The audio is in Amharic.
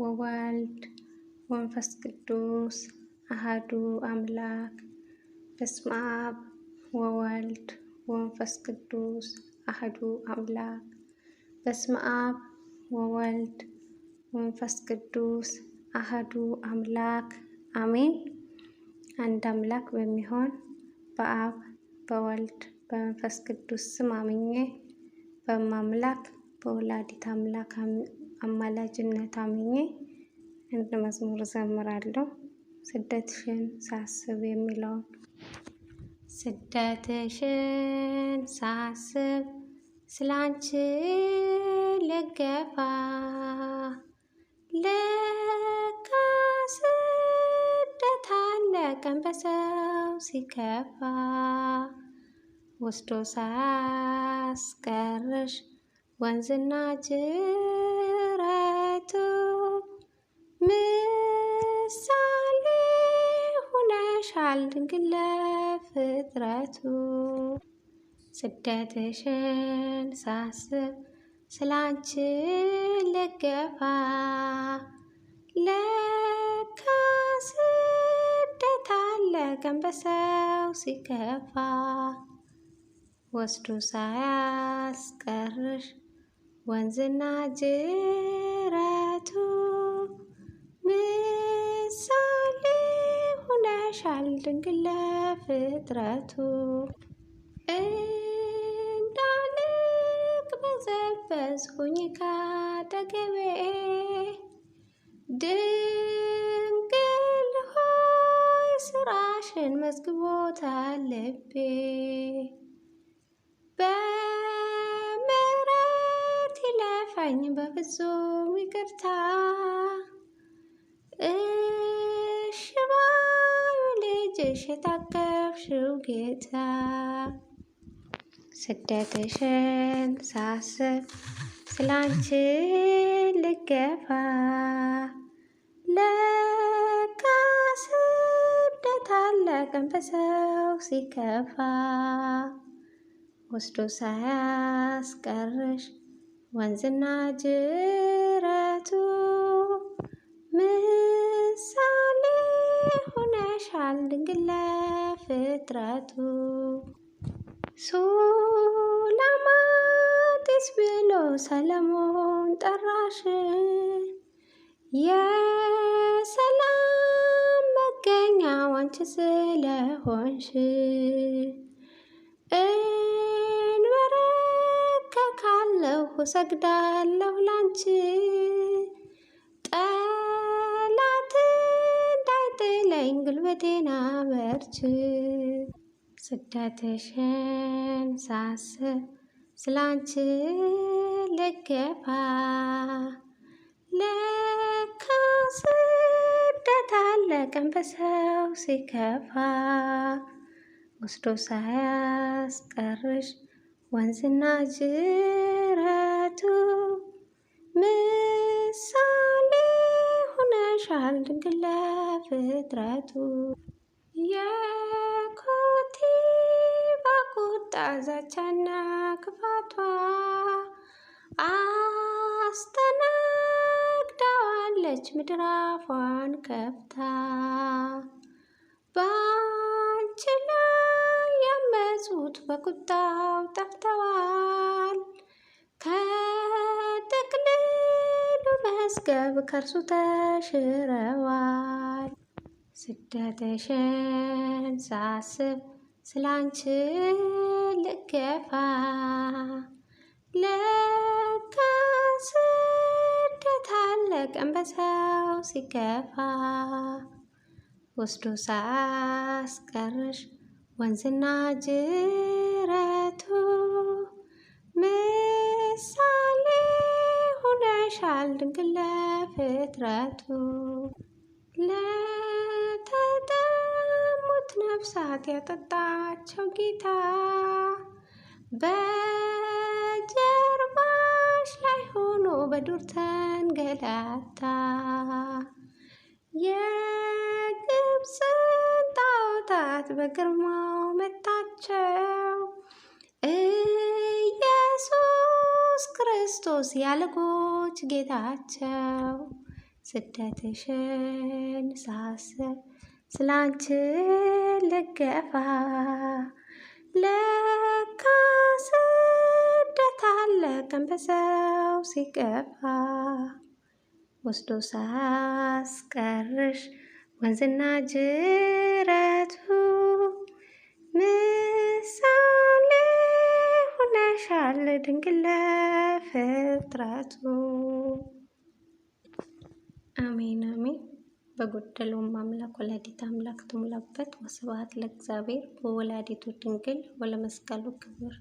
ወወልድ ወንፈስ ቅዱስ አህዱ አምላክ በስመ አብ ወወልድ ወንፈስ ቅዱስ አህዱ አምላክ በስመ አብ ወወልድ ወንፈስ ቅዱስ አህዱ አምላክ አሜን። አንድ አምላክ በሚሆን በአብ በወልድ በመንፈስ ቅዱስ ስም አምኜ በማምላክ በወላዲት አምላክ አማላጅነት አምኜ አንድ መዝሙር እዘምራለሁ። ስደትሽን ሳስብ የሚለውን ስደትሽን ሳስብ ስላንቺ ልገፋ ለካ ስደት አለ በሰው ሲከፋ ወስዶ ሳስቀርሽ ወንዝና ጅ ሆነሻል ድንግል ለፍጥረቱ ስደትሽን ሳስብ ስላንቺ ልገፋ ለካ ስደት አለ ቀን በሰው ሲከፋ ወስዱ ሳያስቀርሽ ወንዝና ጅ ይሻል ድንግል ለፍጥረቱ እንዳልቅ በዘበዝኩኝ ካጠገቤ ድንግል ሆይ ስራሽን መዝግቦታ ልቤ በምሕረት ይለፈኝ በፍጹም ይቅርታ የታቀፍሽው ጌታ ስደትሽን ሳስብ ስላንቺ ልገፋ ለካ ስደት አለ ቀን በሰው ሲከፋ ወስዶ ሳያስቀርሽ ወንዝና ጅረቱ ይሰጣል ድንግል ለፍጥረቱ ሱላማጢስ ብሎ ሰለሞን ጠራሽ የሰላም መገኛ ዋንች ስለሆንሽ እንበረከካለሁ ሰግዳለሁ ላንቺ በለኝ ጉልበቴን አበርች ስደትሽን ሳስብ ስላንቺ ልገባ ለካ ስደት አለቀን በሰው ሲከፋ ወስዶ ሳያስቀርሽ ወንዝና ጅ ይሰራል ድንግል ለፍጥረቱ የኮቲባ ቁጣ ዛቻና ክፋቷ አስተናግዳዋለች ምድራፏን አፏን ከፍታ ባንቺ ላይ ያመፁት በቁጣው ጠፍተዋል ከጥቅልል መዝገብ ከእርሱ ተሽረዋል። ስደትሽን ሳስብ ስላንቺ ልገፋ ለካ ስደት አለቀን በሰው ሲገፋ ወስዶ ሳስቀርሽ! ወንዝና ጅ ይሻል ድንግል ለፍጥረቱ ለተጠሙት ነፍሳት ያጠጣቸው ጌታ በጀርባሽ ላይ ሆኖ በዱር ተንገላታ የግብፅን ጣዖታት በግርማው መታቸው። ክርስቶስ ያለቆች ጌታቸው ስደትሽን ሳስብ ስላንቺ ልገፋ ለካ ስደት አለ ቀን በሰው ሲገፋ ወስዶ ሳስቀርሽ ወንዝና ጅረቱ ይሆንሻል ድንግል ለፍጥረቱ። አሜን አሜን። በጎደለውም አምላክ ወላዲት አምላክ ትሙላበት። ወስብሐት ለእግዚአብሔር ወወላዲቱ ድንግል ወለመስቀሉ ክብር